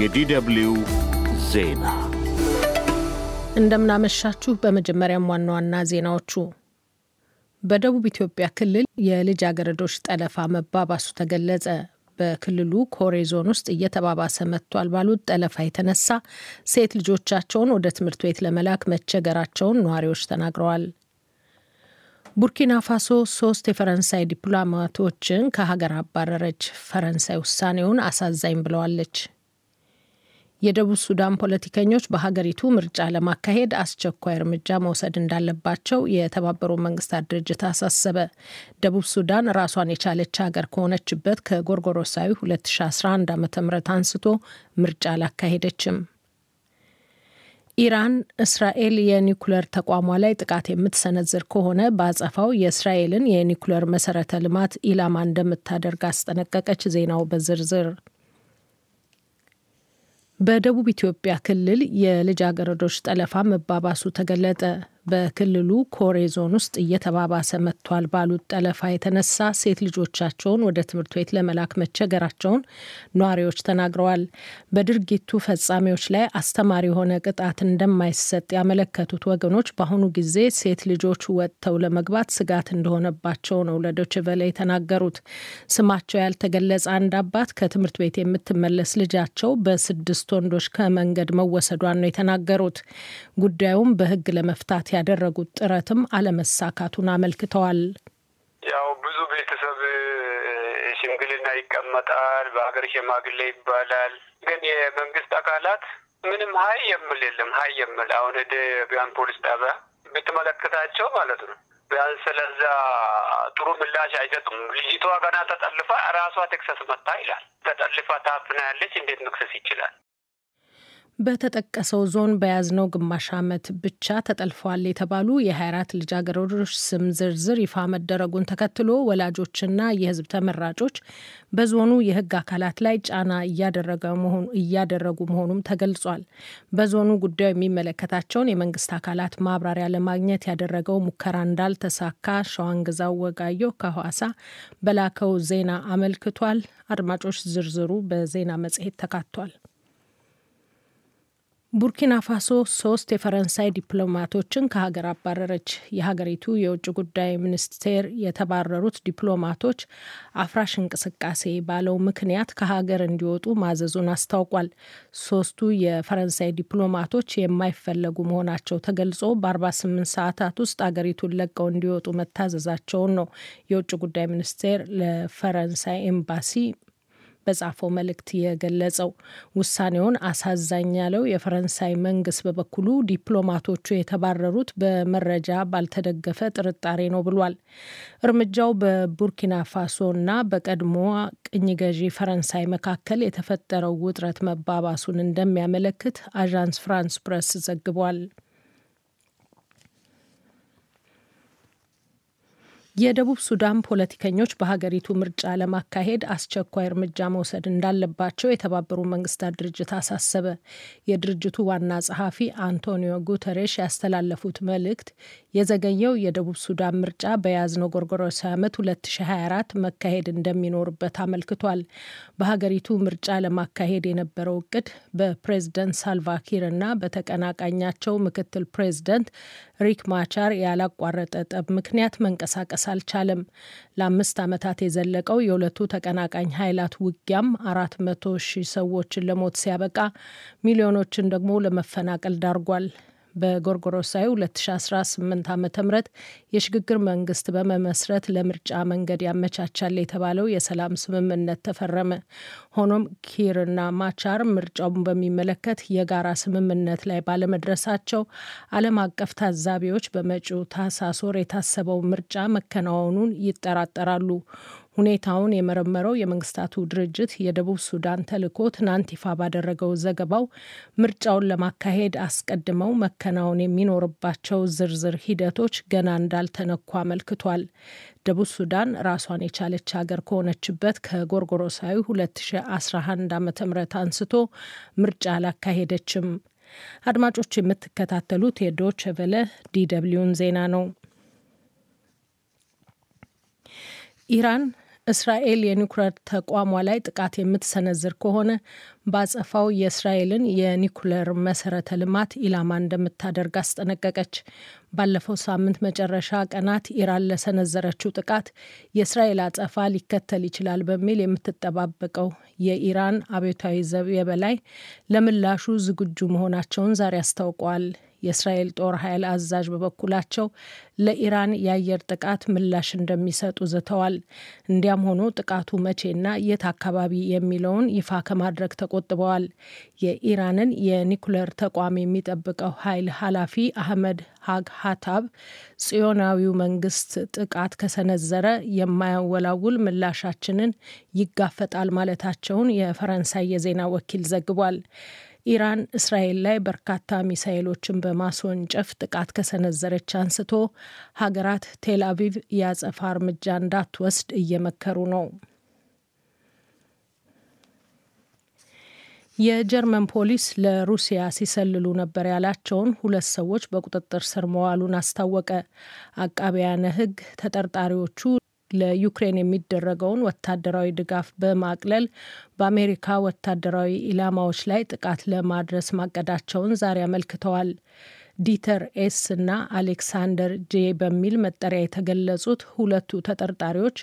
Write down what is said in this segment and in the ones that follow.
የዲደብሊው ዜና እንደምናመሻችሁ። በመጀመሪያም ዋና ዋና ዜናዎቹ በደቡብ ኢትዮጵያ ክልል የልጃገረዶች ጠለፋ መባባሱ ተገለጸ። በክልሉ ኮሬ ዞን ውስጥ እየተባባሰ መጥቷል ባሉት ጠለፋ የተነሳ ሴት ልጆቻቸውን ወደ ትምህርት ቤት ለመላክ መቸገራቸውን ነዋሪዎች ተናግረዋል። ቡርኪና ፋሶ ሶስት የፈረንሳይ ዲፕሎማቶችን ከሀገር አባረረች። ፈረንሳይ ውሳኔውን አሳዛኝ ብለዋለች። የደቡብ ሱዳን ፖለቲከኞች በሀገሪቱ ምርጫ ለማካሄድ አስቸኳይ እርምጃ መውሰድ እንዳለባቸው የተባበሩ መንግስታት ድርጅት አሳሰበ። ደቡብ ሱዳን ራሷን የቻለች ሀገር ከሆነችበት ከጎርጎሮሳዊ 2011 ዓ.ም አንስቶ ምርጫ አላካሄደችም። ኢራን እስራኤል የኒኩለር ተቋሟ ላይ ጥቃት የምትሰነዝር ከሆነ በአጸፋው የእስራኤልን የኒኩለር መሰረተ ልማት ኢላማ እንደምታደርግ አስጠነቀቀች። ዜናው በዝርዝር በደቡብ ኢትዮጵያ ክልል የልጃገረዶች ጠለፋ መባባሱ ተገለጠ። በክልሉ ኮሬ ዞን ውስጥ እየተባባሰ መጥቷል ባሉት ጠለፋ የተነሳ ሴት ልጆቻቸውን ወደ ትምህርት ቤት ለመላክ መቸገራቸውን ነዋሪዎች ተናግረዋል። በድርጊቱ ፈጻሚዎች ላይ አስተማሪ የሆነ ቅጣት እንደማይሰጥ ያመለከቱት ወገኖች በአሁኑ ጊዜ ሴት ልጆች ወጥተው ለመግባት ስጋት እንደሆነባቸው ነው ለዶይቼ የተናገሩት። ስማቸው ያልተገለጸ አንድ አባት ከትምህርት ቤት የምትመለስ ልጃቸው በስድስት ወንዶች ከመንገድ መወሰዷን ነው የተናገሩት። ጉዳዩም በህግ ለመፍታት ያደረጉት ጥረትም አለመሳካቱን አመልክተዋል። ያው ብዙ ቤተሰብ ሽምግልና ይቀመጣል፣ በሀገር ሽማግሌ ይባላል። ግን የመንግስት አካላት ምንም ሀይ የምል የለም። ሀይ የምል አሁን ደ ቢያን ፖሊስ ጣቢያ ብትመለከታቸው ማለት ነው ቢያን ስለዛ ጥሩ ምላሽ አይሰጡም። ልጅቷ ገና ተጠልፋ ራሷ ቴክሳስ መታ ይላል። ተጠልፋ ታፍና ያለች እንዴት መክሰስ ይችላል? በተጠቀሰው ዞን በያዝነው ግማሽ ዓመት ብቻ ተጠልፈዋል የተባሉ የ24 ልጃገረዶች ስም ዝርዝር ይፋ መደረጉን ተከትሎ ወላጆችና የሕዝብ ተመራጮች በዞኑ የሕግ አካላት ላይ ጫና እያደረጉ መሆኑም ተገልጿል። በዞኑ ጉዳዩ የሚመለከታቸውን የመንግስት አካላት ማብራሪያ ለማግኘት ያደረገው ሙከራ እንዳልተሳካ ሸዋንግዛው ወጋዮ ከሐዋሳ በላከው ዜና አመልክቷል። አድማጮች፣ ዝርዝሩ በዜና መጽሔት ተካቷል። ቡርኪና ፋሶ ሶስት የፈረንሳይ ዲፕሎማቶችን ከሀገር አባረረች። የሀገሪቱ የውጭ ጉዳይ ሚኒስቴር የተባረሩት ዲፕሎማቶች አፍራሽ እንቅስቃሴ ባለው ምክንያት ከሀገር እንዲወጡ ማዘዙን አስታውቋል። ሶስቱ የፈረንሳይ ዲፕሎማቶች የማይፈለጉ መሆናቸው ተገልጾ በ48 ሰዓታት ውስጥ ሀገሪቱን ለቀው እንዲወጡ መታዘዛቸውን ነው የውጭ ጉዳይ ሚኒስቴር ለፈረንሳይ ኤምባሲ በጻፈው መልእክት የገለጸው። ውሳኔውን አሳዛኝ ያለው የፈረንሳይ መንግስት በበኩሉ ዲፕሎማቶቹ የተባረሩት በመረጃ ባልተደገፈ ጥርጣሬ ነው ብሏል። እርምጃው በቡርኪና ፋሶ እና በቀድሞ ቅኝ ገዢ ፈረንሳይ መካከል የተፈጠረው ውጥረት መባባሱን እንደሚያመለክት አዣንስ ፍራንስ ፕረስ ዘግቧል። የደቡብ ሱዳን ፖለቲከኞች በሀገሪቱ ምርጫ ለማካሄድ አስቸኳይ እርምጃ መውሰድ እንዳለባቸው የተባበሩ መንግስታት ድርጅት አሳሰበ። የድርጅቱ ዋና ጸሐፊ አንቶኒዮ ጉተሬሽ ያስተላለፉት መልእክት የዘገየው የደቡብ ሱዳን ምርጫ በያዝነው ጎርጎሮስ ዓመት 2024 መካሄድ እንደሚኖርበት አመልክቷል። በሀገሪቱ ምርጫ ለማካሄድ የነበረው እቅድ በፕሬዝደንት ሳልቫኪር እና በተቀናቃኛቸው ምክትል ፕሬዝደንት ሪክ ማቻር ያላቋረጠ ጠብ ምክንያት መንቀሳቀስ አልቻለም። ለአምስት ዓመታት የዘለቀው የሁለቱ ተቀናቃኝ ኃይላት ውጊያም አራት መቶ ሺህ ሰዎችን ለሞት ሲያበቃ ሚሊዮኖችን ደግሞ ለመፈናቀል ዳርጓል። በጎርጎሮሳዊ 2018 ዓ ም የሽግግር መንግስት በመመስረት ለምርጫ መንገድ ያመቻቻል የተባለው የሰላም ስምምነት ተፈረመ። ሆኖም ኪርና ማቻር ምርጫውን በሚመለከት የጋራ ስምምነት ላይ ባለመድረሳቸው ዓለም አቀፍ ታዛቢዎች በመጪው ታህሳስ ወር የታሰበው ምርጫ መከናወኑን ይጠራጠራሉ። ሁኔታውን የመረመረው የመንግስታቱ ድርጅት የደቡብ ሱዳን ተልዕኮ ትናንት ይፋ ባደረገው ዘገባው ምርጫውን ለማካሄድ አስቀድመው መከናወን የሚኖርባቸው ዝርዝር ሂደቶች ገና እንዳልተነኩ አመልክቷል። ደቡብ ሱዳን ራሷን የቻለች ሀገር ከሆነችበት ከጎርጎሮሳዊ 2011 ዓ ም አንስቶ ምርጫ አላካሄደችም። አድማጮች የምትከታተሉት የዶች ቨለ ዲደብሊውን ዜና ነው። ኢራን እስራኤል የኒኩለር ተቋሟ ላይ ጥቃት የምትሰነዝር ከሆነ ባጸፋው የእስራኤልን የኒኩለር መሰረተ ልማት ኢላማ እንደምታደርግ አስጠነቀቀች። ባለፈው ሳምንት መጨረሻ ቀናት ኢራን ለሰነዘረችው ጥቃት የእስራኤል አጸፋ ሊከተል ይችላል በሚል የምትጠባበቀው የኢራን አብዮታዊ ዘብ የበላይ ለምላሹ ዝግጁ መሆናቸውን ዛሬ አስታውቀዋል። የእስራኤል ጦር ኃይል አዛዥ በበኩላቸው ለኢራን የአየር ጥቃት ምላሽ እንደሚሰጡ ዝተዋል። እንዲያም ሆኖ ጥቃቱ መቼና የት አካባቢ የሚለውን ይፋ ከማድረግ ተቆጥበዋል። የኢራንን የኒኩለር ተቋም የሚጠብቀው ኃይል ኃላፊ አህመድ ሀግ ሀታብ ጽዮናዊው መንግስት ጥቃት ከሰነዘረ የማያወላውል ምላሻችንን ይጋፈጣል ማለታቸውን የፈረንሳይ የዜና ወኪል ዘግቧል። ኢራን እስራኤል ላይ በርካታ ሚሳይሎችን በማስወንጨፍ ጥቃት ከሰነዘረች አንስቶ ሀገራት ቴል አቪቭ የአጸፋ እርምጃ እንዳትወስድ እየመከሩ ነው። የጀርመን ፖሊስ ለሩሲያ ሲሰልሉ ነበር ያላቸውን ሁለት ሰዎች በቁጥጥር ስር መዋሉን አስታወቀ። አቃቢያነ ሕግ ተጠርጣሪዎቹ ለዩክሬን የሚደረገውን ወታደራዊ ድጋፍ በማቅለል በአሜሪካ ወታደራዊ ኢላማዎች ላይ ጥቃት ለማድረስ ማቀዳቸውን ዛሬ አመልክተዋል። ዲተር ኤስ እና አሌክሳንደር ጄ በሚል መጠሪያ የተገለጹት ሁለቱ ተጠርጣሪዎች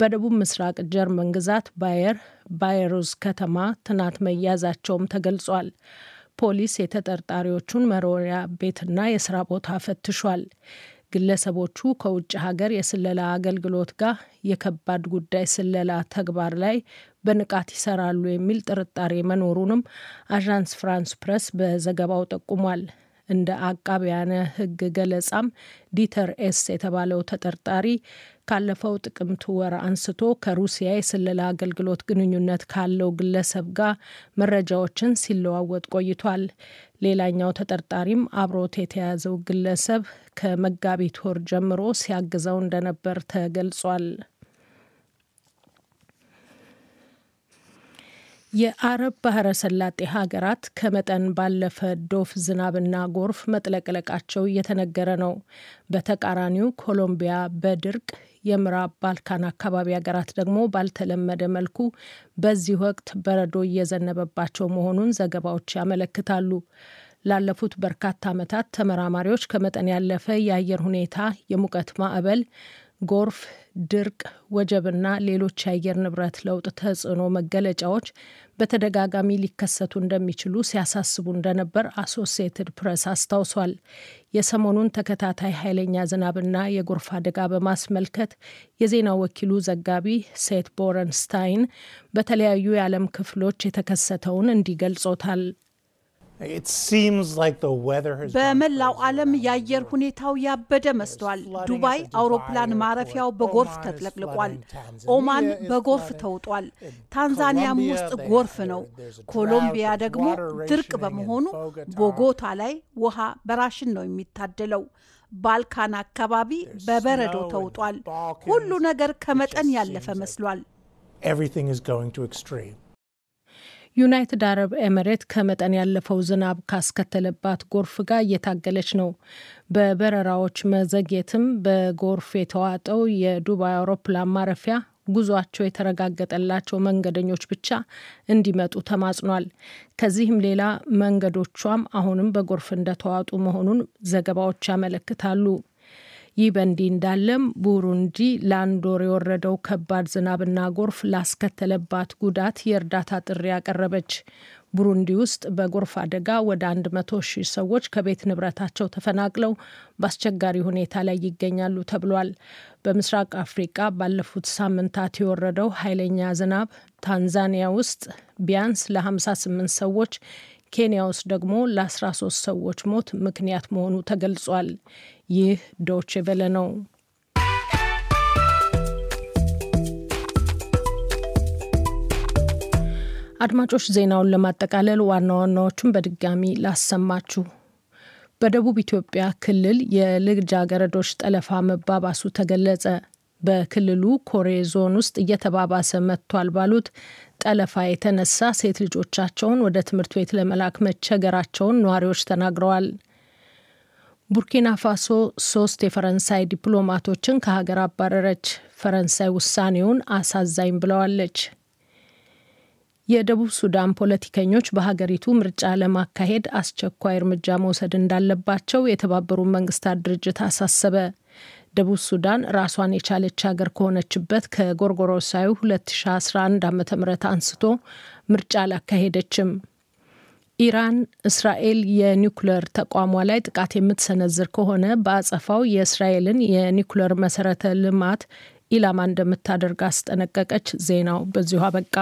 በደቡብ ምስራቅ ጀርመን ግዛት ባየር ባየሩዝ ከተማ ትናት መያዛቸውም ተገልጿል። ፖሊስ የተጠርጣሪዎቹን መኖሪያ ቤትና የስራ ቦታ ፈትሿል። ግለሰቦቹ ከውጭ ሀገር የስለላ አገልግሎት ጋር የከባድ ጉዳይ ስለላ ተግባር ላይ በንቃት ይሰራሉ የሚል ጥርጣሬ መኖሩንም አዣንስ ፍራንስ ፕረስ በዘገባው ጠቁሟል። እንደ አቃቢያነ ሕግ ገለጻም ዲተር ኤስ የተባለው ተጠርጣሪ ካለፈው ጥቅምት ወር አንስቶ ከሩሲያ የስለላ አገልግሎት ግንኙነት ካለው ግለሰብ ጋር መረጃዎችን ሲለዋወጥ ቆይቷል። ሌላኛው ተጠርጣሪም አብሮት የተያዘው ግለሰብ ከመጋቢት ወር ጀምሮ ሲያግዘው እንደነበር ተገልጿል። የአረብ ባህረ ሰላጤ ሀገራት ከመጠን ባለፈ ዶፍ ዝናብና ጎርፍ መጥለቅለቃቸው እየተነገረ ነው። በተቃራኒው ኮሎምቢያ በድርቅ የምዕራብ ባልካን አካባቢ ሀገራት ደግሞ ባልተለመደ መልኩ በዚህ ወቅት በረዶ እየዘነበባቸው መሆኑን ዘገባዎች ያመለክታሉ። ላለፉት በርካታ ዓመታት ተመራማሪዎች ከመጠን ያለፈ የአየር ሁኔታ፣ የሙቀት ማዕበል ጎርፍ፣ ድርቅ፣ ወጀብና ሌሎች የአየር ንብረት ለውጥ ተጽዕኖ መገለጫዎች በተደጋጋሚ ሊከሰቱ እንደሚችሉ ሲያሳስቡ እንደነበር አሶሲየትድ ፕሬስ አስታውሷል። የሰሞኑን ተከታታይ ኃይለኛ ዝናብና የጎርፍ አደጋ በማስመልከት የዜና ወኪሉ ዘጋቢ ሴት ቦረንስታይን በተለያዩ የዓለም ክፍሎች የተከሰተውን እንዲገልጾታል። በመላው ዓለም የአየር ሁኔታው ያበደ መስሏል። ዱባይ አውሮፕላን ማረፊያው በጎርፍ ተጥለቅልቋል። ኦማን በጎርፍ ተውጧል። ታንዛኒያም ውስጥ ጎርፍ ነው። ኮሎምቢያ ደግሞ ድርቅ በመሆኑ ቦጎታ ላይ ውሃ በራሽን ነው የሚታደለው። ባልካን አካባቢ በበረዶ ተውጧል። ሁሉ ነገር ከመጠን ያለፈ መስሏል። ዩናይትድ አረብ ኤምሬት ከመጠን ያለፈው ዝናብ ካስከተለባት ጎርፍ ጋር እየታገለች ነው። በበረራዎች መዘግየትም በጎርፍ የተዋጠው የዱባይ አውሮፕላን ማረፊያ ጉዟቸው የተረጋገጠላቸው መንገደኞች ብቻ እንዲመጡ ተማጽኗል። ከዚህም ሌላ መንገዶቿም አሁንም በጎርፍ እንደተዋጡ መሆኑን ዘገባዎች ያመለክታሉ። ይህ በእንዲህ እንዳለም ቡሩንዲ ለአንድ ወር የወረደው ከባድ ዝናብና ጎርፍ ላስከተለባት ጉዳት የእርዳታ ጥሪ ያቀረበች። ቡሩንዲ ውስጥ በጎርፍ አደጋ ወደ አንድ መቶ ሺህ ሰዎች ከቤት ንብረታቸው ተፈናቅለው በአስቸጋሪ ሁኔታ ላይ ይገኛሉ ተብሏል። በምስራቅ አፍሪቃ ባለፉት ሳምንታት የወረደው ኃይለኛ ዝናብ ታንዛኒያ ውስጥ ቢያንስ ለ58 ሰዎች ኬንያ ውስጥ ደግሞ ለ13 ሰዎች ሞት ምክንያት መሆኑ ተገልጿል። ይህ ዶች ቬለ ነው። አድማጮች፣ ዜናውን ለማጠቃለል ዋና ዋናዎቹን በድጋሚ ላሰማችሁ። በደቡብ ኢትዮጵያ ክልል የልጃገረዶች ጠለፋ መባባሱ ተገለጸ። በክልሉ ኮሬ ዞን ውስጥ እየተባባሰ መጥቷል ባሉት ጠለፋ የተነሳ ሴት ልጆቻቸውን ወደ ትምህርት ቤት ለመላክ መቸገራቸውን ነዋሪዎች ተናግረዋል። ቡርኪና ፋሶ ሶስት የፈረንሳይ ዲፕሎማቶችን ከሀገር አባረረች። ፈረንሳይ ውሳኔውን አሳዛኝ ብለዋለች። የደቡብ ሱዳን ፖለቲከኞች በሀገሪቱ ምርጫ ለማካሄድ አስቸኳይ እርምጃ መውሰድ እንዳለባቸው የተባበሩት መንግስታት ድርጅት አሳሰበ። ደቡብ ሱዳን ራሷን የቻለች ሀገር ከሆነችበት ከጎርጎሮሳዊ 2011 ዓ ም አንስቶ ምርጫ አላካሄደችም። ኢራን እስራኤል የኒውክሌር ተቋሟ ላይ ጥቃት የምትሰነዝር ከሆነ በአጸፋው የእስራኤልን የኒውክሌር መሰረተ ልማት ኢላማ እንደምታደርግ አስጠነቀቀች። ዜናው በዚሁ አበቃ።